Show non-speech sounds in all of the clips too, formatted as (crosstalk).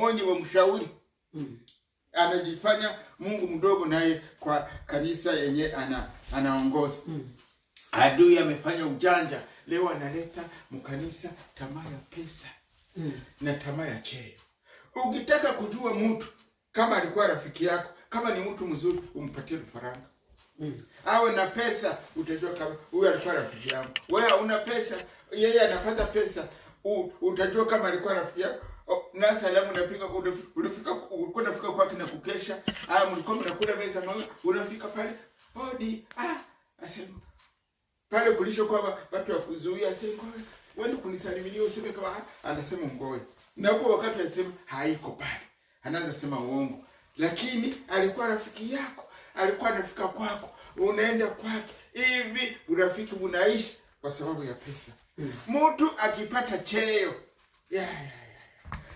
wamwonye, wamshauri mm. Anajifanya Mungu mdogo naye kwa kanisa yenye ana, anaongoza mm. Adui amefanya ujanja, leo analeta mkanisa tamaa ya pesa mm. na tamaa ya cheo. Ukitaka kujua mtu kama alikuwa rafiki yako, kama ni mtu mzuri, umpatie faranga mm. awe na pesa, utajua kama huyu alikuwa rafiki yangu. Wewe una pesa, yeye anapata pesa, utajua kama alikuwa rafiki yako Oh, na salamu unapiga, unafika ulikuwa unafika kwake na kukesha. Ah, mlikuwa mnakula meza moja, unafika pale hodi. Ah, asema pale kulisho kwa watu wakuzuia, asema kwa yaani wewe kunisalimilia useme kama ah, anasema ngoe, na kwa wakati anasema haiko pale, anaanza sema uongo, lakini alikuwa rafiki yako, alikuwa anafika kwako, unaenda kwake, hivi urafiki unaishi kwa sababu ya pesa. Hmm. Mtu akipata cheo yeah, yeah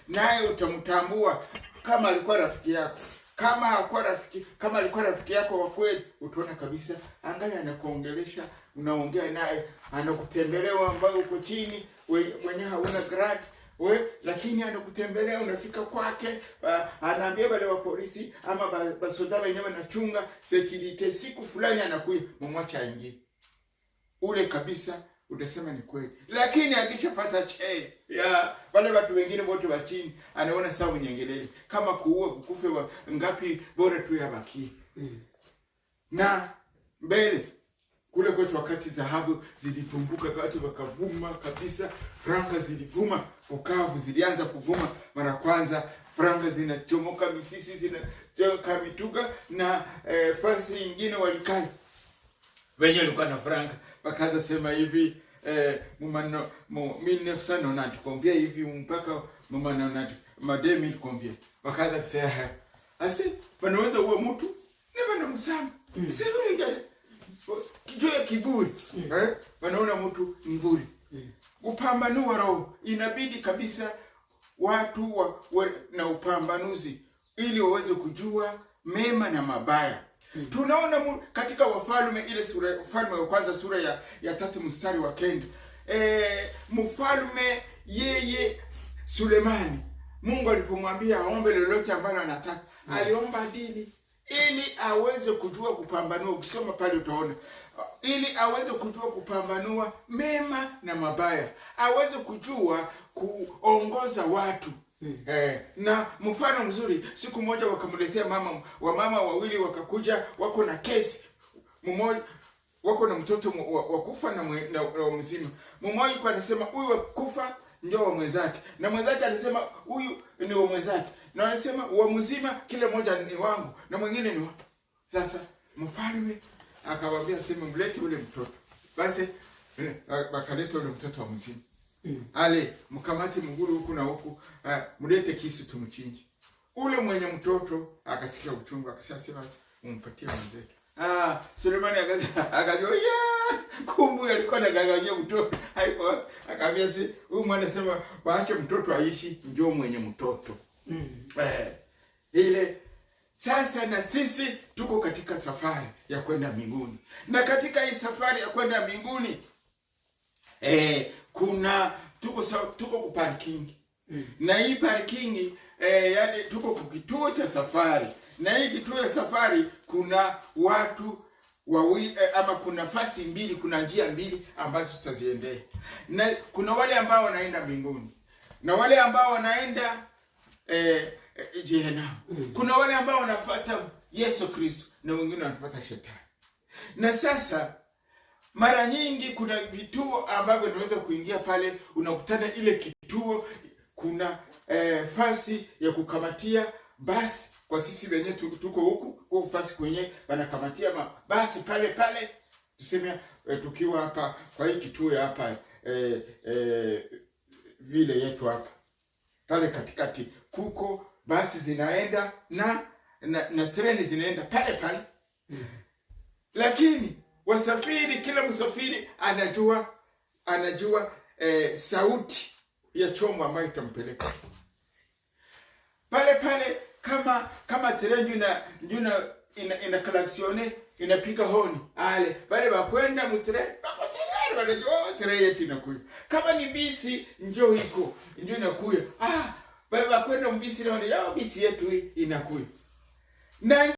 naye utamtambua kama alikuwa rafiki yako. Kama hakuwa rafiki, kama alikuwa rafiki yako wa kweli, utaona kabisa, angalia anakuongelesha, unaongea naye, anakutembelea ambayo uko chini, mwenye hauna grad we lakini anakutembelea, unafika kwake, ah, anaambia wale wa polisi ama basoda wenyewe wanachunga sekirite siku fulani anakuja, mumwacha aingie ule kabisa utasema ni kweli, lakini akishapata che ya wale watu wengine wote wa chini, anaona saa unyengelele kama kuua kukufe wa ngapi, bora tu yabakie mm. na mbele kule kwetu, wakati dhahabu zilivumbuka, wakati wakavuma kabisa, franga zilivuma, ukavu zilianza kuvuma mara kwanza franga zinachomoka, misisi zinachoka, mituga na eh, fasi nyingine walikali wenye walikuwa na franga wakaanza sema hivi eh, mumano mu 1900 unatukwambia hivi mpaka mumano na mademi kombia tukwambia, wakaanza ha asi wanaweza uwe mtu ni wana msama mm. sasa yule kitu ya kiburi mm. eh, wanaona mtu mburi mm. wa roho inabidi kabisa watu wa, wa, na upambanuzi ili waweze kujua mema na mabaya Mm. Tunaona katika Wafalme ile sura ufalme wa kwanza sura ya, ya tatu mstari wa kenda e, mfalme yeye Sulemani Mungu alipomwambia aombe lolote ambalo anataka mm. aliomba dini ili aweze kujua kupambanua. Ukisoma pale utaona, ili aweze kujua kupambanua mema na mabaya, aweze kujua kuongoza watu Mm. Eh, na mfano mzuri, siku moja wakamletea mama wamama wawili wakakuja, wako na kesi mmoja, wako na mtoto wakufa na, na, na mzima. Mmoja kwa anasema huyu wakufa ndio wa mwenzake, na mwenzake alisema huyu ni wa mwenzake, na anasema wa mzima kila moja ni wangu na mwingine ni wangu. Sasa mfalme akawaambia, sema mlete ule mtoto basi, bakaleta eh, ule mtoto wa mzima Hmm. ale mkamati mguru huku na huku, uh, mlete kisu tumchinje. Ule mwenye mtoto akasikia uchungu, akasema basi umpatie mwenzetu. Ah, Sulemani (laughs) akajua ya kumbe alikuwa anadanganyia mtoto. Haiko akaambia si huyu mwana sema waache mtoto aishi, njoo mwenye mtoto. Mm. Eh, ile sasa na sisi tuko katika safari ya kwenda mbinguni. Na katika hii safari ya kwenda mbinguni eh kuna tuko tuko ku parking mm. na hii parking eh, yani tuko ku kituo cha safari, na hii kituo ya safari kuna watu wawi, eh, ama kuna fasi mbili, kuna njia mbili ambazo tutaziendea, na kuna wale ambao wanaenda mbinguni na wale ambao wanaenda eh, eh, jehena mm. kuna wale ambao wanafuata Yesu Kristo na wengine wanafuata shetani, na sasa mara nyingi kuna vituo ambavyo unaweza kuingia pale, unakutana ile kituo kuna eh, fasi ya kukamatia basi. Kwa sisi wenye tuko huku kwa fasi kwenye wanakamatia basi pale pale, tuseme eh, tukiwa hapa kwa hii kituo ya hapa eh, eh, vile yetu hapa pale katikati kuko basi zinaenda na na, na treni zinaenda pale pale, mm. lakini Wasafiri, kila msafiri anajua anajua eh, sauti ya chombo ambayo itampeleka pale pale. Kama kama treni ina ina ina klaksione inapiga honi, ale pale bakwenda mutre bako tayari, wanajua oh, treni yetu inakuja. Kama ni bisi, njoo iko njoo inakuja. Ah, bale bakwenda mbisi, na yao bisi yetu inakuja na